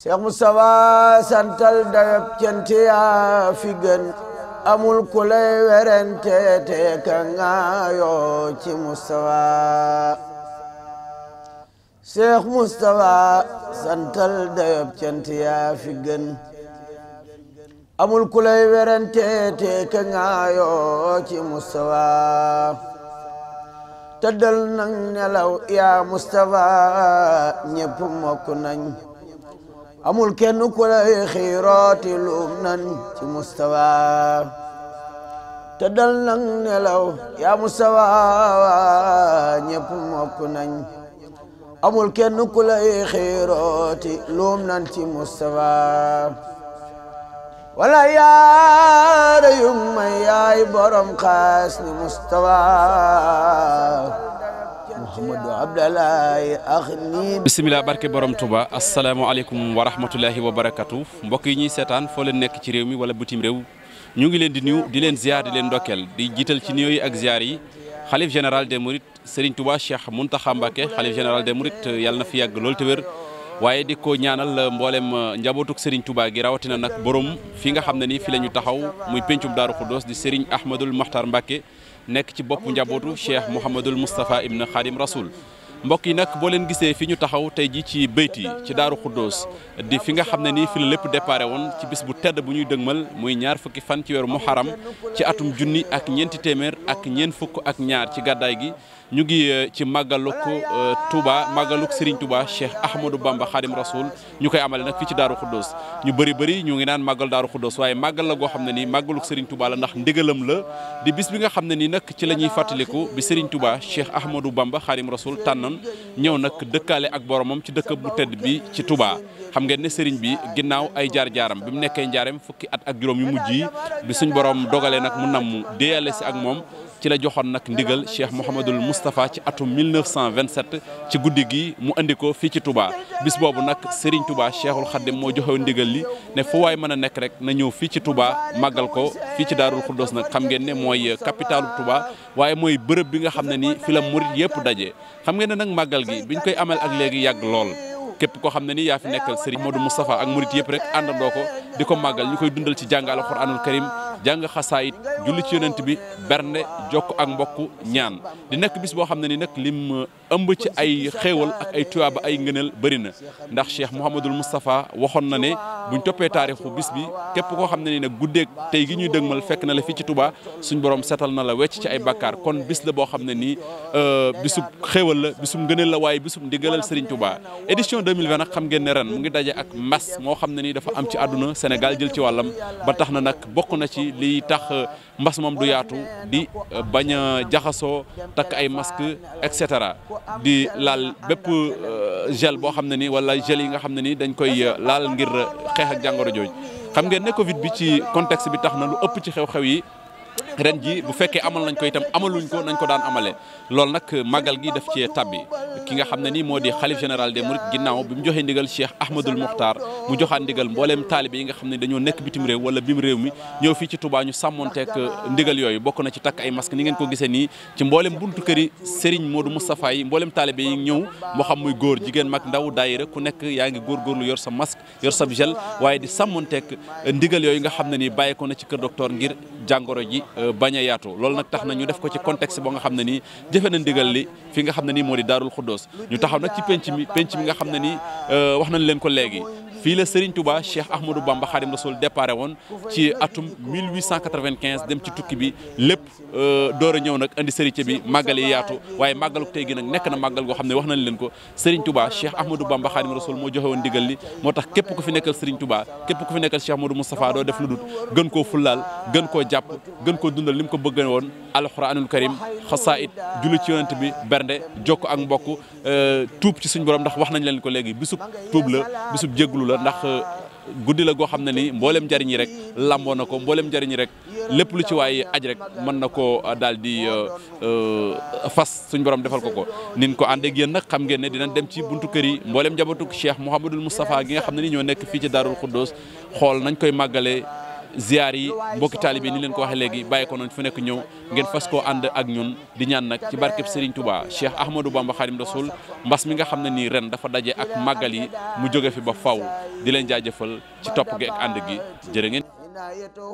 Seex Mustafa santal dayab cant yaa fi gën amul ku lay werante te ka ngaayoo ci Mustafa Seex fi gën amul ku lay werante te ka ngaayoo ci nelaw yaa Mustafa ñépp mokk nañ amul kenn ku lay xiirooti luum nan ci mustawa te dal nang nelaw yaa mustawa ñépp mokk nañ amul kenn ku lay xiirooti luum nan ci mustawa wala yaara yu may yaay borom xaas ni mustawa ahmadu abdalaay axni bisimilaa barke borom touba asalaamaaleykum wa rahmatulahi wa barakatu mbokk yi ñuy seetaan foo leen nekk ci réew mi wala bitim réew ñu ngi leen di nuyu di leen ziar di leen ndokkeel di jiital ci nuyoo yi ak ziar yi xalif général des mourides Serigne Touba Cheikh Mountakha Mbacké xalif général des mourides yàlla na fi yàgg loolu te waaye di ko ñaanal euh, mboolem euh, njabootuk Serigne Touba gi rawatina nag borom fi nga xam ne ni fi la ñu taxaw muy pencum Daaru Xuddoos di Serigne Ahmadul Maxtar Mbacké nekk ci bopp njabootu Cheikh Mouhamadul Moustapha Ibn Khadim Rasoul mbokk yi nag boo leen gisee fi ñu taxaw tey ji ci béyt yi ci daaru xuddoos di fi nga xam ne nii fi la lépp déparé woon ci bis bu tedd bu ñuy dëgmal muy ñaar fukki fan ci mu muharam ci atum junni ak ñeenti téeméer ak ñeent fukk ak ñaar ci gàddaay gi ñu ngi euh, ci màggaluk euh, Touba màggaluk Serigne Touba Cheikh Ahmadou Bamba xaarim rasul ñu koy amale nag fii ci Daaru Xuddoos ñu bëri bëri ñu ngi naan màggal Daaru Xuddoos waaye màggal la goo xam ne ni màggaluk Serigne Touba la ndax ndigalam la di bis bi nga xam ne nii nag ci la ñuy fàttaliku bi Serigne Touba Cheikh Ahmadou Bamba Khadim Rasoul tànnoon ñëw nag dëkkaale ak boromam ci dëkk bu tedd bi ci Touba xam ngeen ne Serigne bi ginnaaw ay jaar-jaaram bi mu nekkee njaareem fukki at ak juróom yu mujj yi bi suñ borom dogalee nag mu namm déeyale si ak moom ci la joxoon nag ndigal Cheikh Mouhamadul Moustapha ci atum 1927 ci guddi gi mu indi ko fii ci tubaa bis boobu nag Serigne tubaa Cheikhul Khadim moo joxe ndigal li ne fu waay mën a nekk rek na ñëw fii ci tubaa màggal ko fii ci Daarul Khoudoss nag xam ngeen ne mooy capitalu tubaa waaye mooy bërëb bi nga xam ne nii fi la murit yëpp daje xam ngeen ne nag màggal gi ñu koy amal ak léegi yàgg lool. képp koo xam ne ni yaa fi nekkal Serigne Modou Moustapha ak murit yëpp rek àndandoo ko di ko màggal ñu koy dundal ci jàng alxuraanul karim jàng xasaayit julli ci yonent bi bernde jokk ak mbokk ñaan di nekk bis boo xam ne ni nag lim uh, ëmb ci ay xéewal ak ay tuyaaba ay ngëneel bëri na ndax Cheikh Mouhamadul Moustapha waxoon na ne buñ toppee taarixu bis bi képp koo xam ne ni nag guddeeg tey gi ñuy dëgmal fekk na la fii ci tubaa suñ borom setal na la wecc ci ay bakkaar kon bis la boo xam ne nii uh, bisub xéewal la bisub ngëneel la waaye bisub ndigalal Serigne Touba édition 2020 nag xam ngeen ne ren mu ngi daje ak mas moo xam ne nii dafa am ci àdduna Sénégal jël ci wàllam bi tax euh, mbas moom du yaatu di euh, bañ a jaxasoo takk ay masque et cetera di laal bépp euh, gel boo xam ne ni wala gel yi nga xam ne ni dañ koy laal ngir xeex ak jàngoro jooju xam ngeen ne Covid bi ci contexte bi tax na lu ëpp ci xew-xew yi ren ji bu fekkee amal nañ ko itam amaluñ ko nañ ko daan amale loolu nag màggal gi def cee tabbi ki nga xam ne nii moo di xalif général des mourides ginnaaw bi mu joxee ndigal Cheikh Ahmadul Muxtaar mu joxaat ndigal mbooleem taalibe yi nga xam ne dañoo nekk bitim réew wala bim réew mi fii ci Touba ñu sàmmonteek euh, ndigal yooyu bokk na ci takk ay masque ni ngeen ko gisee nii ci mbooleem buntu këri Serigne Modou Moustapha yi mbooleem taalibe yi ñëw moo xam muy góor jigéen mag ndaw rek ku nekk yaa ngi góor góorgóorlu yor sa masque yor sa gel waaye di sàmmonteek euh, ndigal yooyu nga xam ne nii bàyyi na ci kër docteur ngir jàngoro ji euh, bañ a yaatoo loolu nag tax na ñu def ko ci contexte boo nga xam ne nii jëfe na ndigal li fi nga xam ne nii moo di daarul xuddoos ñu taxaw nag ci penc mi penc mi nga xam ne nii euh, wax nañ leen ko léegi fii la Serigne Touba Cheikh Ahmadou Bamba Khadim Rasoul déparé woon ci atum 1895 dem ci tukki bi lépp euh, door a ñëw nag indi Serigne bi màggal yi yaatu waaye màggalu tey gi nag nekk na màggal goo xam ne wax nañ leen ko Serigne Touba Cheikh Ahmadou Bamba Khadim Rasoul moo joxe woon digal li moo tax képp ku fi nekkal Serigne Touba képp ku fi nekkal Cheikh Ahmadou Moustapha doo def lu dut gën koo fullaal gën koo jàpp gën koo dundal li mu ko bëgg woon alxuraanul karim xasaayit julli ci yonent bi bernde jokk ak mbokk euh, tuub ci suñu borom ndax wax nañ leen ko léegi bisub tuub la bisub jégglu la ndax euh, guddi la goo xam ne ni mboolem njariñ yi rek lamboo na ko mboolem njariñ yi rek lépp lu ci waaye aj rek mën na koo euh, daal di euh, fas suñ borom defal ko ko. niin ko ànd ak yéen nag xam ngeen ne dinañ dem ci buntu kër yi mboolem njabootu Cheikh Mouhamadul Moustapha gi nga xam ne ni ñoo nekk fii ci Darou Khoudoss xool nañ koy màggalee. ziar yi mbokki taalibe ni leen ko waxee léegi bàyyi ko noonu fu nekk ñëw ngeen fas koo ànd ak ñun di ñaan nag ci barkeb Serigne Touba Cheikh Ahmadou Bamba Khadim Rasoul mbas mi nga xam ne nii ren dafa daje ak màggal yi mu jóge fi ba faw di leen jaajëfal ci topp gi ak ànd gi jërë ngeen